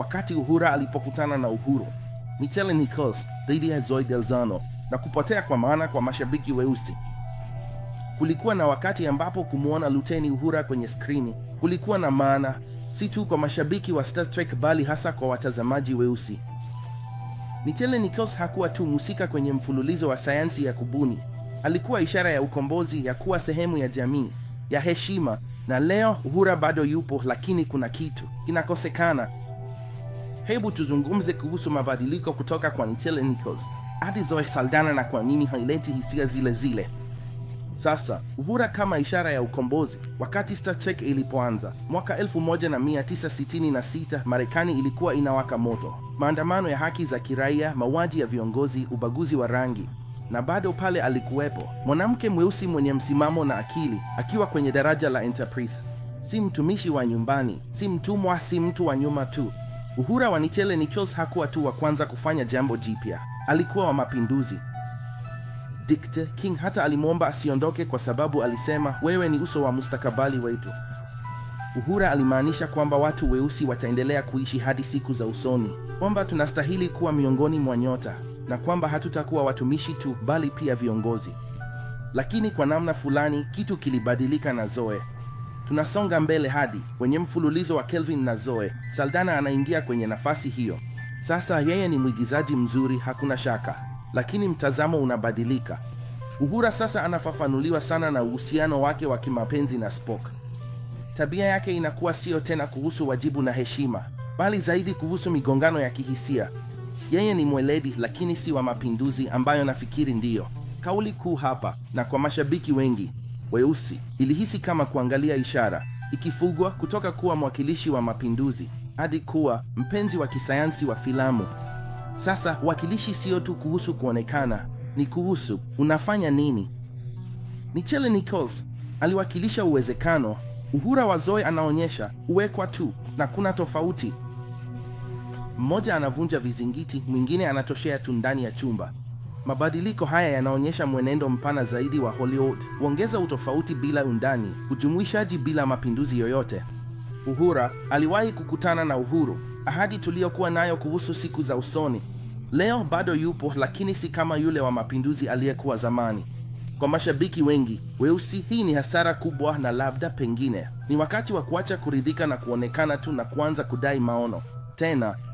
wakati Uhura alipokutana na Uhuru, Michele Nichols dhidi ya Zoe Delzano na kupotea kwa maana kwa mashabiki weusi. Kulikuwa na wakati ambapo kumwona Luteni Uhura kwenye skrini kulikuwa na maana si tu kwa mashabiki wa Star Trek bali hasa kwa watazamaji weusi. Michele Nichols hakuwa tu mhusika kwenye mfululizo wa sayansi ya kubuni, alikuwa ishara ya ukombozi, ya kuwa sehemu ya jamii, ya heshima. Na leo Uhura bado yupo, lakini kuna kitu kinakosekana. Hebu tuzungumze kuhusu mabadiliko kutoka kwa Nichelle Nichols hadi Zoe Saldana na kwa nini haileti hisia zile zile. Sasa Uhura kama ishara ya ukombozi. Wakati Star Trek ilipoanza mwaka 1966 Marekani ilikuwa inawaka moto, maandamano ya haki za kiraia, mauaji ya viongozi, ubaguzi wa rangi, na bado pale alikuwepo mwanamke mweusi mwenye msimamo na akili, akiwa kwenye daraja la Enterprise. Si mtumishi wa nyumbani, si mtumwa, si mtu wa nyuma tu, Uhura wa Nichelle Nichols hakuwa tu wa kwanza kufanya jambo jipya, alikuwa wa mapinduzi. Dikte King hata alimwomba asiondoke kwa sababu alisema, wewe ni uso wa mustakabali wetu. Uhura alimaanisha kwamba watu weusi wataendelea kuishi hadi siku za usoni, kwamba tunastahili kuwa miongoni mwa nyota na kwamba hatutakuwa watumishi tu, bali pia viongozi. Lakini kwa namna fulani kitu kilibadilika na Zoe. Tunasonga mbele hadi kwenye mfululizo wa Kelvin na Zoe. Saldana anaingia kwenye nafasi hiyo sasa. Yeye ni mwigizaji mzuri, hakuna shaka, lakini mtazamo unabadilika. Uhura sasa anafafanuliwa sana na uhusiano wake wa kimapenzi na Spock. Tabia yake inakuwa siyo tena kuhusu wajibu na heshima, bali zaidi kuhusu migongano ya kihisia. Yeye ni mweledi, lakini si wa mapinduzi, ambayo nafikiri ndiyo kauli kuu hapa, na kwa mashabiki wengi weusi ilihisi kama kuangalia ishara, ikifugwa kutoka kuwa mwakilishi wa mapinduzi hadi kuwa mpenzi wa kisayansi wa filamu. Sasa wakilishi sio tu kuhusu kuonekana, ni kuhusu unafanya nini. michele Nichols aliwakilisha uwezekano, Uhura wa Zoe anaonyesha uwekwa tu na kuna tofauti. Mmoja anavunja vizingiti, mwingine anatoshea tu ndani ya chumba. Mabadiliko haya yanaonyesha mwenendo mpana zaidi wa Hollywood, huongeza utofauti bila undani, ujumuishaji bila mapinduzi yoyote. Uhura aliwahi kukutana na uhuru, ahadi tuliyokuwa nayo kuhusu siku za usoni. Leo bado yupo, lakini si kama yule wa mapinduzi aliyekuwa zamani. Kwa mashabiki wengi weusi, hii ni hasara kubwa, na labda pengine ni wakati wa kuacha kuridhika na kuonekana tu na kuanza kudai maono tena.